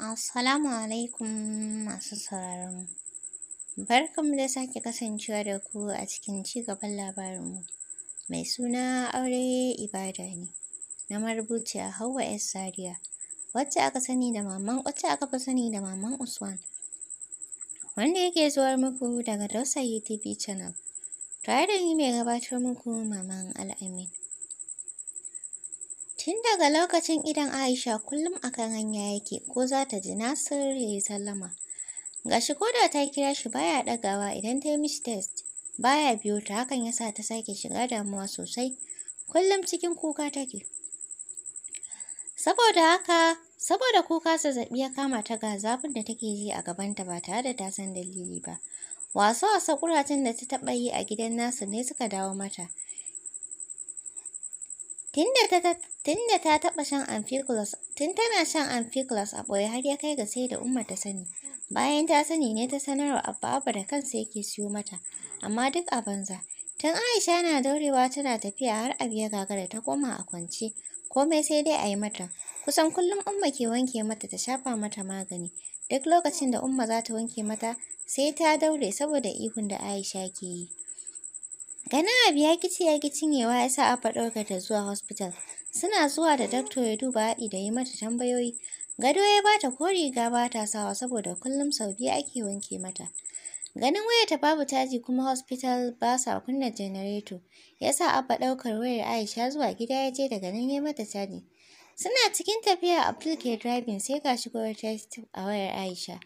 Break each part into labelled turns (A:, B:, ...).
A: Assalamu alaikum masu sauraron mu. barkan mu da sake kasancewa da ku a cikin ci cigaban labarinmu. Mai suna aure ibada ne, na a Hauwa S. Zaria, wacce aka sani da maman wacce aka fi sani da maman Usman. Wanda yake zuwar muku daga Dausayi TV channel. Tare da ni mai gabatar muku maman Al-Amin. Tun daga lokacin idan Aisha kullum a kan hanya yake ko za ta ji Nasir ya yi sallama. Gashi ko da ta kira shi baya ɗagawa idan ta yi mishi test baya biyo ta hakan ya sa ta sake shiga damuwa sosai. Kullum cikin kuka take. Saboda haka, saboda kuka zazzaɓi ya kama ta ga zafin da take ji a gabanta ba tare da ta san dalili ba. Wasu wasa ƙuracen da ta taɓa yi a gidan nasu ne suka dawo mata. Tunda ta taba shan tun tana shan ampiclos a ɓoye har ya kai ga sai da Umma ta sani. Bayan ta sani ne ta sanarwa Abba Abba da kansa yake siyo mata, amma duk a banza. Tun Aisha na daurewa tana tafiya har abu ya gagara ta koma a kwance, komai sai dai a yi mata. Kusan kullum Umma ke wanke mata ta shafa mata magani. Duk lokacin da Umma za ta wanke mata, sai ta daure saboda ihun da Aisha ke yi. Ganin abu ya kici ya ki cinyewa ya sa aka ɗauka ta zuwa hospital. Suna zuwa da dakto ya duba haɗi da yi mata tambayoyi. Gado ya bata ko riga ba ta sawa saboda kullum sau biyu ake wanke mata. Ganin wayarta babu caji kuma hospital ba sa kunna janareto. Ya sa abba ɗaukar wayar Aisha zuwa gida ya je daga nan ya mata caji. Suna cikin tafiya Abdul ke driving sai ga shigowar test a wayar Aisha.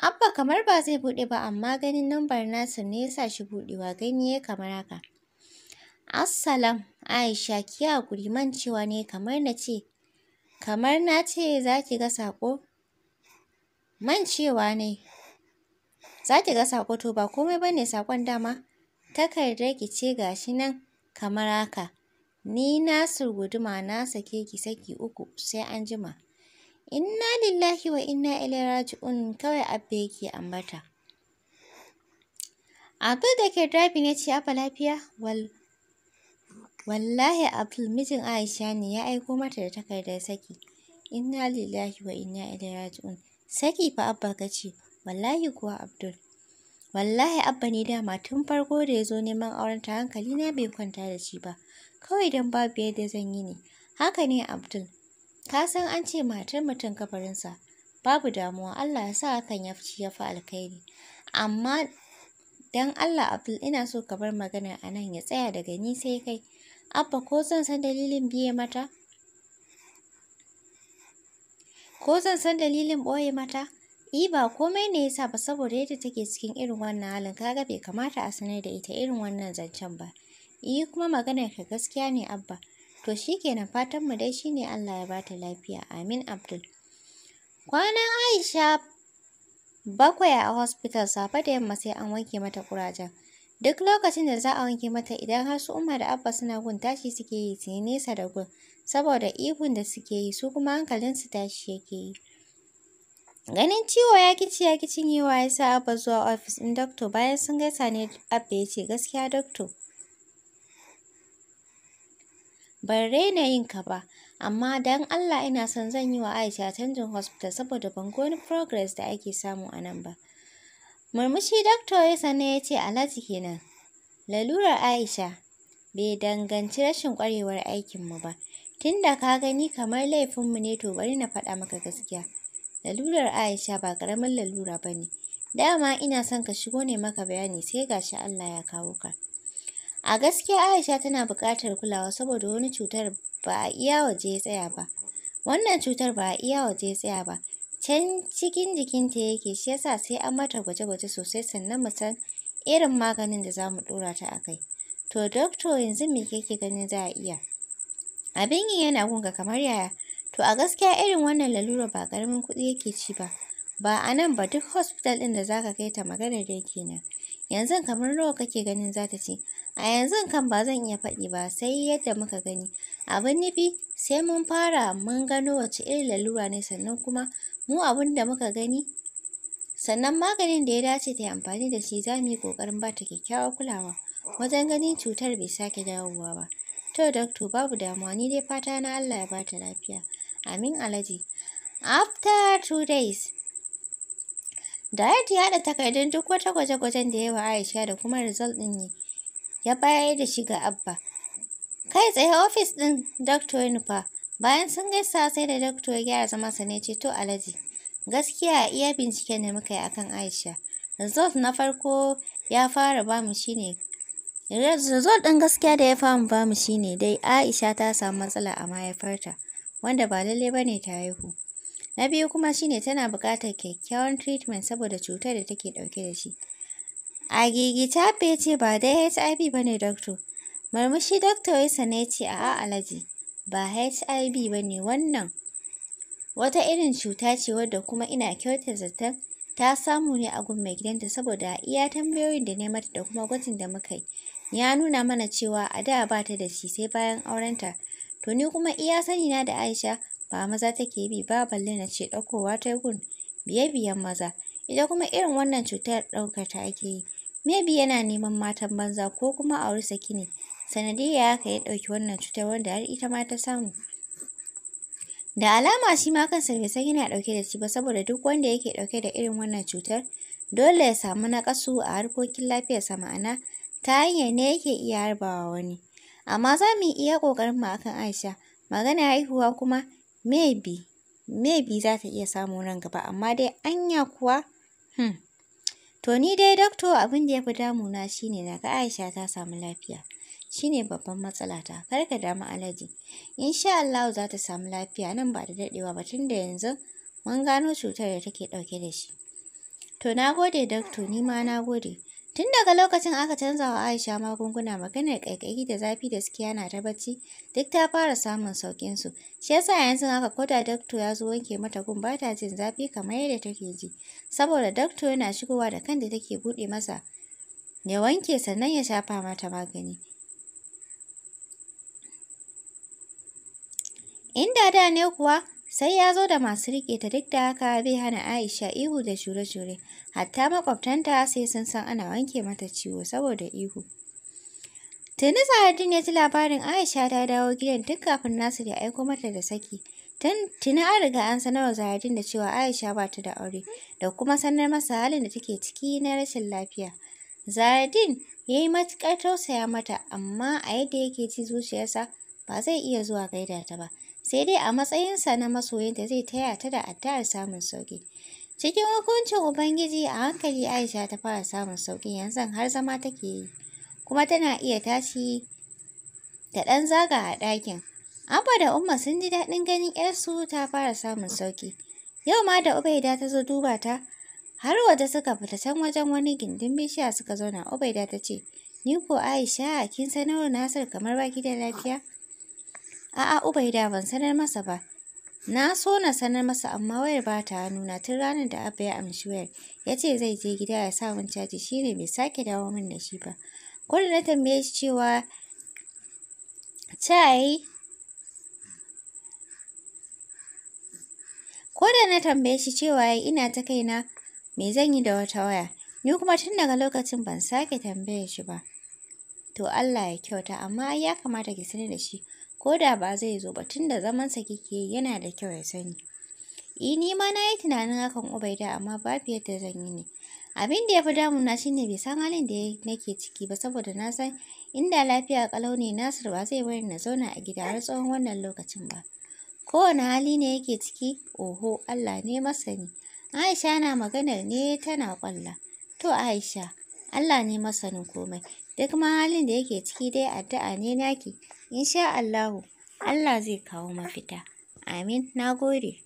A: Abba kamar ba zai buɗe ba amma ganin nambar nasa ne ya sa shi buɗewa gani ya kamar haka. Assalam Aisha ki guri man cewa ne kamar na ce kamar na ce za ki ga saƙo man cewa ne za ki ga saƙo to ba komai ba ne saƙon dama takardar ki ce gashi nan kamar haka ni na surguduma na sake ki saki uku sai an jima. inna lillahi wa inna ilaihi raji'un kawai abba yake ambata abin da ke drabi ne ce abba lafiya wallahi abdul mijin aisha ne ya aiko mata da takardar saki inna lillahi wa inna ilaihi raji'un saki fa abba ka ce wallahi kuwa abdul wallahi abba ne dama tun farko da ya zo neman auren ta hankali na bai kwanta da shi ba kawai don babu yadda zan yi ne haka ne abdul Ka san an ce matar mutum kabarinsa, babu damuwa Allah ya sa hakan ya fi alkhairi. Amma dan Allah Abdul ina so ka bar magana a nan ya tsaya daga ni sai kai. Abba ko zan san dalilin biye mata? Ko zan san dalilin ɓoye mata? I ba komai ne yasa ba saboda yadda take cikin irin wannan halin kaga bai kamata a sanar da ita irin wannan zancen ba. Iyi kuma maganar ka gaskiya ne Abba. To shi kenan fatanmu dai shi ne Allah ya bata lafiya. Amin Abdul. Kwanan Aisha bakwai a hospital safe da yamma sai an wanke mata kurajen. Duk lokacin da za a wanke mata idan har su Umma da Abba suna gun tashi suke yi su nesa da gun saboda ihun da suke yi su kuma hankalin su tashi yake yi. Ganin ciwo ya kici ya kicin ya sa Abba zuwa ofis ɗin doctor bayan sun gaisa ne Abba ya ce gaskiya doctor ban raina yin ka ba amma dan Allah ina son zan yi wa Aisha canjin hospital saboda ban ga progress da ake samu a nan ba murmushi doctor ya sane ya ce alhaji kenan lalurar Aisha bai danganci rashin kwarewar aikinmu ba tunda ka gani kamar laifinmu ne to bari na faɗa maka gaskiya lalurar Aisha ba karamin lalura ba ne dama ina son ka shigo ne maka bayani sai gashi Allah ya kawo ka A gaskiya Aisha tana buƙatar kulawa saboda wani cutar ba a iya waje tsaya ba. Wannan cutar ba a iya waje ya tsaya ba. Can cikin jikinta yake shi yasa sai an mata gwaje-gwaje sosai sannan mu san irin maganin da za mu ɗora ta a kai. To doctor yanzu me kake ganin za a iya? Abin yi yana gunga kamar yaya. To a gaskiya irin wannan lalura ba ƙaramin kuɗi yake ci ba. Ba a nan ba duk hospital ɗin da za ka kai ta maganar dai kenan. Yanzu kamar nawa kake ganin za ta ci? A yanzu kan ba zan iya faɗi ba sai yadda muka gani. Abin nufi sai mun fara mun gano wace irin lalura ne sannan kuma mu abin da muka gani sannan maganin da ya dace ta yi amfani da shi za mu yi ƙoƙarin ba ta kyakkyawar kulawa wajen ganin cutar bai sake dawowa ba. To doctor babu damuwa ni dai fata na Allah ya ba ta lafiya. Amin alaji. After two days Dayat ya haɗa takardun duk wata gwaje-gwajen da ya wa Aisha da kuma result ɗin ne. ya bayar da shi ga Abba. Kai tsaye ofis ɗin Dr. nufa, bayan sun gaisa sai da Dr. ya gyara zama sa ne ce to alaji. Gaskiya iya binciken da muka yi akan Aisha. Result na farko ya fara shi ne. Result ɗin gaskiya da ya famu bamu shine dai Aisha ta samu matsala a mahaifarta, wanda ba lalle bane ta haihu. Na biyu kuma shine tana buƙatar kyakkyawan treatment saboda cutar da take ɗauke da shi. A gigi, ta ya ce ba dai HIV ba ne doctor. marmushi doctor ya sane ce a alaji ba HIV ba ne wannan. Wata irin cuta ce wadda kuma ina kyautar zaton ta samu ne a gun mai gidanta saboda iya tambayoyin da ne da kuma gwajin da muka yi. Ya nuna mana cewa a da ba ta da shi sai bayan aurenta. To ni kuma iya sani na da Aisha ba maza take bi ba balle na ce ɗaukowa ta gun biye-biyen maza. Ita kuma irin wannan cutar ɗaukar ta ake yi. Maybe yana neman matan banza ko kuma auri saki ne. Sanadiyya haka ya ɗauki wannan cutar wanda har ita ma ta samu. Da alama shi ma kansa bai san yana ɗauke da shi ba saboda duk wanda yake ɗauke da irin wannan cutar dole ya samu naƙasu a harkokin lafiyarsa ma'ana ta hanyar ne yake iya harbawa wani. Amma za mu iya ƙoƙarin mu akan Aisha. Maganar haihuwa kuma maybe maybe za ta iya samu nan gaba amma dai anya kuwa hmm. To ni dai dokto abin da ya fi damuna shine na ga Aisha ta samu lafiya. Shi ne babban matsalata, kar ka damu alaji. Insha Allah za ta samu lafiya nan ba da daɗewa ba tun da yanzu mun gano cutar da take ɗauke da shi. To na gode dokto ni ma na gode. Tun daga lokacin aka canza wa Aisha magunguna maganar ƙaiƙayi da zafi da suke yana ta bacci duk ta fara samun sauƙinsu. Shi yasa yanzu haka ko da dakto ya zo wanke mata gun ba ta jin zafi kamar yadda take ji. Saboda dakto yana shigowa da kanta take buɗe masa ya wanke sannan ya shafa mata magani. Inda da ne kuwa sai ya zo da masu riƙe ta duk da haka bai hana Aisha ihu da shure-shure, hatta makwabtanta sai sun san ana wanke mata ciwo saboda ihu. Tuni sahadin ya ji labarin Aisha ta dawo gidan duk kafin nasu ya aiko mata da saki. Tuni an riga an sanarwa Zahardin da cewa Aisha ba ta da aure da kuma sanar masa halin da take ciki na rashin lafiya. zahadin ya yi matuƙar tausaya mata amma a yadda yake ci zuciyarsa ba zai iya zuwa gaida ta ba. sai dai a matsayinsa na masoyinta zai taya ta da addu'ar samun sauƙi. Cikin hukuncin Ubangiji a hankali Aisha ta fara samun sauƙi yanzu har zama take yi, kuma tana iya tashi da ɗan zaga a ɗakin. Abba da Umma sun ji daɗin ganin 'yarsu ta fara samun sauƙi. Yau ma da Ubaida ta zo duba ta, har waje suka fita can wajen wani gindin bishiya suka zauna Ubaida ta ce, Ni ko Aisha kin sanarwa Nasir kamar baki da lafiya? A'a Ubaida ban sanar masa ba. Na so na sanar masa amma wayar ba ta nuna, tun ranar da Abba ya amshi wayar. Ya ce zai je gida ya sa min caji shi ne bai sake dawo min da shi ba. Kwallo na tambaye shi cewa ya Ko da na tambaye shi cewa ina ta kaina me zan yi da wata waya, ni kuma tun daga lokacin ban sake tambaye shi ba. To Allah ya kyauta, amma ya kamata ki sanar da shi. ko da ba zai zo ba tunda zaman sa kike yi yana da kyau ya sani. E, ni ma na yi tunanin hakan Ubaida amma babu yadda zan yi ne. Abin da ya fi na shine bai san halin da nake ciki ba saboda na san inda lafiya kalau ne Nasir ba zai bari na zauna a gida har tsawon wannan lokacin ba. Kowane hali ne yake ciki, oho Allah ne masani. Aisha na maganar ne tana kwalla. To Aisha, Allah ne masanin komai. Duk ma halin da yake ciki dai addu'a ne naki. Insha Allahu, Allah zai kawo mafita. Amin. Na gode.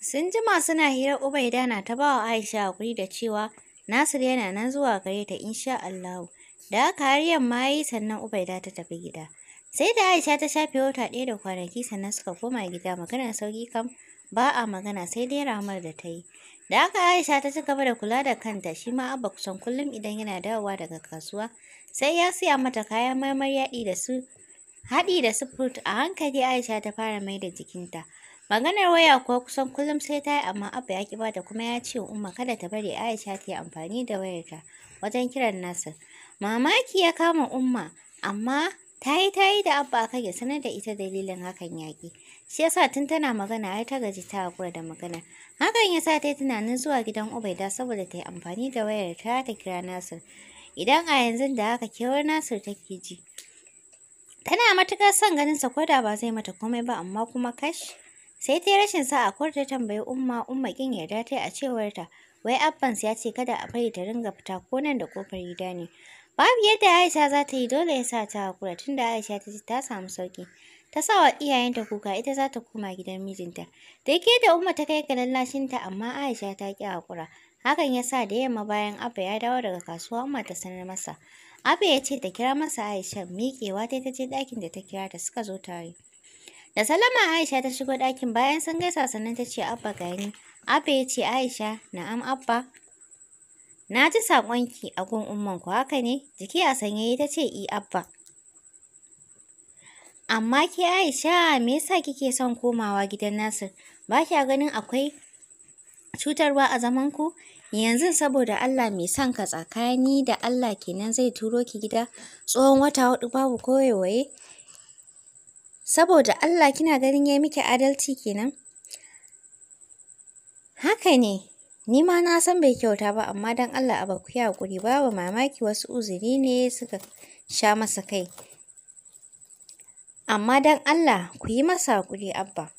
A: Sun jima suna hira Ubaida na ta bawa Aisha hakuri da cewa Nasir yana nan zuwa gare ta insha Allahu. Da haka har yamma yi sannan Ubaida ta tafi gida. Sai da Aisha ta shafe wata ɗaya da kwanaki sannan suka koma gida maganar sauki kam ba a magana sai dai ramar da ta yi. Da aka Aisha ta ci gaba da kula da kanta shi ma Abba kusan kullum idan yana dawowa daga kasuwa sai ya siya mata kayan marmari yaɗi da su haɗi da su fruit a hankali Aisha ta fara mai da jikinta. Maganar waya kuwa kusan kullum sai ta yi amma Abba ya ki bata kuma ya ce Umma kada ta bari Aisha ta yi amfani da wayarta wajen kiran Nasir. Mamaki ya kama Umma amma ta yi ta yi da Abba aka ya sanar da ita dalilin hakan yaƙi. Shi yasa tun tana magana har ta gaji ta haƙura da magana. Hakan ya sa ta yi tunanin zuwa gidan Ubaida saboda ta yi amfani da wayar ta ta kira Nasir. Idan a yanzu da haka kewar Nasir take ji. Tana matuƙar son ganin sa koda ba zai mata komai ba amma kuma kash. Sai ta yi rashin sa'a ko ta tambayi Umma Umma kin yarda ta yi a cewar ta. Wai Abbas ya ce kada a bari ta ringa fita ko nan da kofar gida ne. Babu yadda Aisha za ta yi dole ya sa ta hakura tunda Aisha ta ta samu sauki. ta sa wa iyayenta kuka ita za ta koma gidan mijinta. Da yake da Umma ta kai ga lallashinta amma Aisha ta ƙi haƙura. Hakan ya sa da yamma bayan Abba ya dawo daga kasuwa Umma ta sanar masa. Abba ya ce ta kira masa Aisha miƙewa ta je ɗakin da ta kira ta suka zo tare. Da salama Aisha ta shigo ɗakin bayan sun gaisa sannan ta ce Abba ga ni. Abba ya ce Aisha na'am Abba. Na ji saƙonki a gun ummanku haka ne? Jiki a sanye ta ce i Abba. Amma ke Aisha me yasa kike son komawa gidan Nasir? Ba kya ganin akwai cutarwa a zaman ku? Yanzu saboda Allah mai son ka tsakani da Allah kenan zai turo ki gida tsohon wata hudu babu koyewaye? Saboda Allah kina ganin ya miki adalci kenan? Haka ne, ni ma na san bai kyauta ba amma don Allah a baku ya hakuri babu mamaki wasu uzuri ne suka sha masa kai. Amma dan Allah ku yi masa hakuri Abba.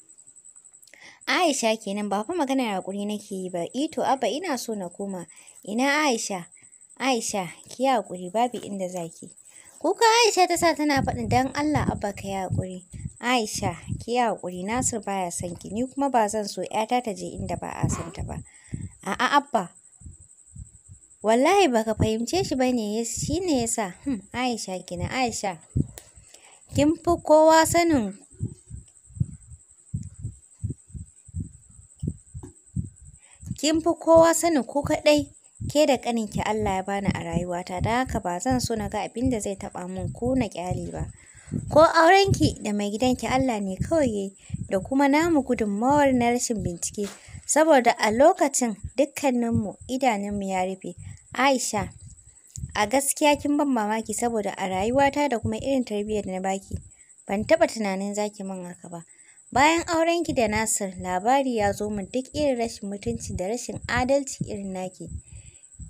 A: Aisha kenan ba fa maganar hakuri nake yi ba. Ito Abba ina so na koma. Ina Aisha? Aisha ki yi haƙuri babu inda zaki. Kuka Aisha ta sa tana faɗin dan Allah Abba ka yi haƙuri. Aisha ki yi haƙuri Nasir baya son ki ni kuma ba zan so ƴata ta je inda ba a san ta ba. A'a Abba wallahi baka fahimce shi bane shine yasa hmm Aisha kina Aisha kin fi kowa sanin kin fi kowa sanin ku kaɗai ke da ƙaninki Allah ya bani a rayuwata don haka ba zan so na ga abin da zai taɓa min ko na ƙyale ba ko aurenki da mai gidanki Allah ne kawai da kuma namu gudunmawar na rashin bincike saboda a lokacin dukkaninmu idanunmu ya rufe Aisha A gaskiya kin ban mamaki saboda a rayuwata da kuma irin tarbiyyar da na baki, ban taɓa tunanin zaki ki min haka ba. Bayan aurenki da Nasir, labari ya zo min duk irin rashin mutunci da rashin adalci irin naki.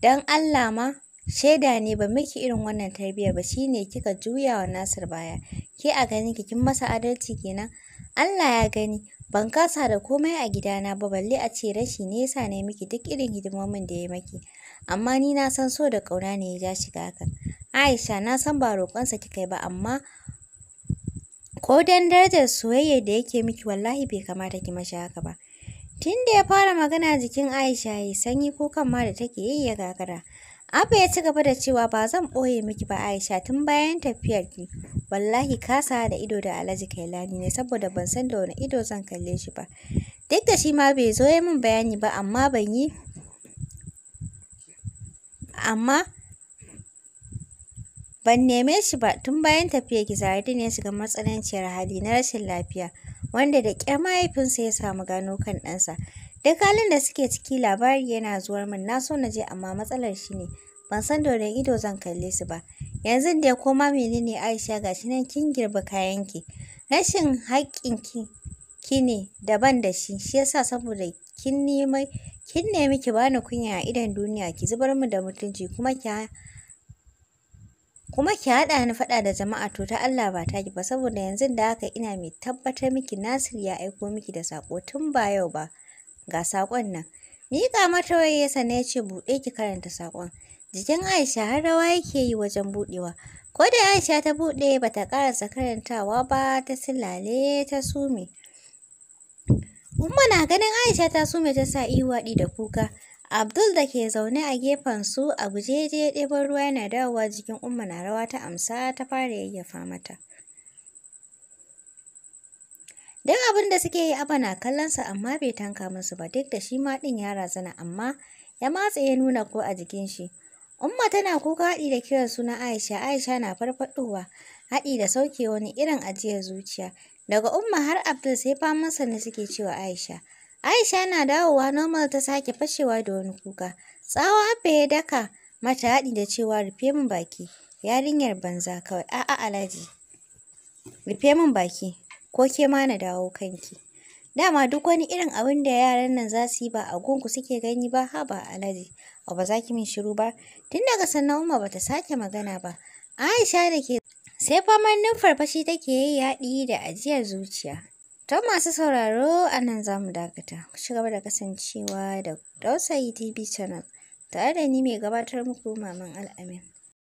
A: Don Allah ma, shaida ne ba miki irin wannan tarbiyyar ba shi ne kika juya wa Nasir baya. Ke a ganinki kin masa adalci kenan? Allah ya gani, ban kasa da komai a gidana ba balle a ce rashi nesa ne miki duk irin hidimomin da ya maki. amma ni na san so da ƙauna ne ya ja shi ga hakan. Aisha na san ba roƙonsa kika yi ba amma ko dan darajar soyayya da yake miki wallahi bai kamata ki mashi haka ba. Tun da ya fara magana jikin Aisha ya sanyi ko kan ma da take yi ya gagara. Abba ya ci gaba da cewa ba zan ɓoye miki ba Aisha tun bayan tafiyar ki. Wallahi kasa da ido da Alhaji Kailani ne saboda ban san da wani ido zan kalle shi ba. Duk da shi ma bai zo ya min bayani ba amma ban yi amma ban neme shi ba tun bayan tafiya, ki ne ya shiga matsananciyar hali na rashin lafiya wanda da ƙyar mahaifinsa ya samu gano kan ɗansa. Duk halin da suke ciki labari yana zuwar min na so na je amma matsalar shi ne ban san da ido zan kalle su ba. Yanzu da ya koma menene Aisha ga shi nan kin girbi ki? Rashin haƙƙinki ki ne daban da shi shi yasa saboda kin nemi kin nemi ki bani kunya a idon duniya ki zubar mu da mutunci kuma ki kuma ki haɗa ni faɗa da jama'a to ta Allah ba ta ki ba saboda yanzu da haka ina mai tabbatar miki Nasir ya aiko miki da sako tun ba yau ba ga sakon nan miƙa mata waye sannan ce buɗe ki karanta sakon jikin Aisha har rawa yake yi wajen buɗewa ko da Aisha ta buɗe bata karasa karantawa ba ta silale ta sume Umma na ganin Aisha ta sume ta sa iwaɗi da kuka. Abdul da ke zaune a gefen su a guje je ɗeban ruwa yana dawowa jikin Umma na rawa ta amsa ta fara yayyafa mata. Duk abin da suke yi aba na kallonsa amma bai tanka musu ba duk da shi ma ɗin ya razana amma ya matse ya nuna ko a jikin shi. Umma tana kuka haɗi da kiran suna Aisha, Aisha na farfaɗowa haɗi da sauke wani irin ajiyar zuciya. Daga Umma har Abdul sai faman sanne suke cewa Aisha. Aisha na dawowa normal ta sake fashewa da wani kuka. Tsawa Abba ya daka mata haɗi da cewa rufe min baki. Yarinyar banza kawai. A'a Alhaji. Rufe min baki. Ko ke ma na dawo kanki. Dama duk wani irin abin da yaran nan za su yi ba a gunku suke gani ba haba Alhaji. Ba za ki min shiru ba. Tun daga sannan Umma bata sake magana ba. Aisha da ke Sai faman fashi take yi yaɗi da ajiyar zuciya. Ta masu sauraro a nan za mu dakata. Ku ci gaba da kasancewa da Dausayi TV Channel. Tare da ni mai gabatar muku Maman Al'amin.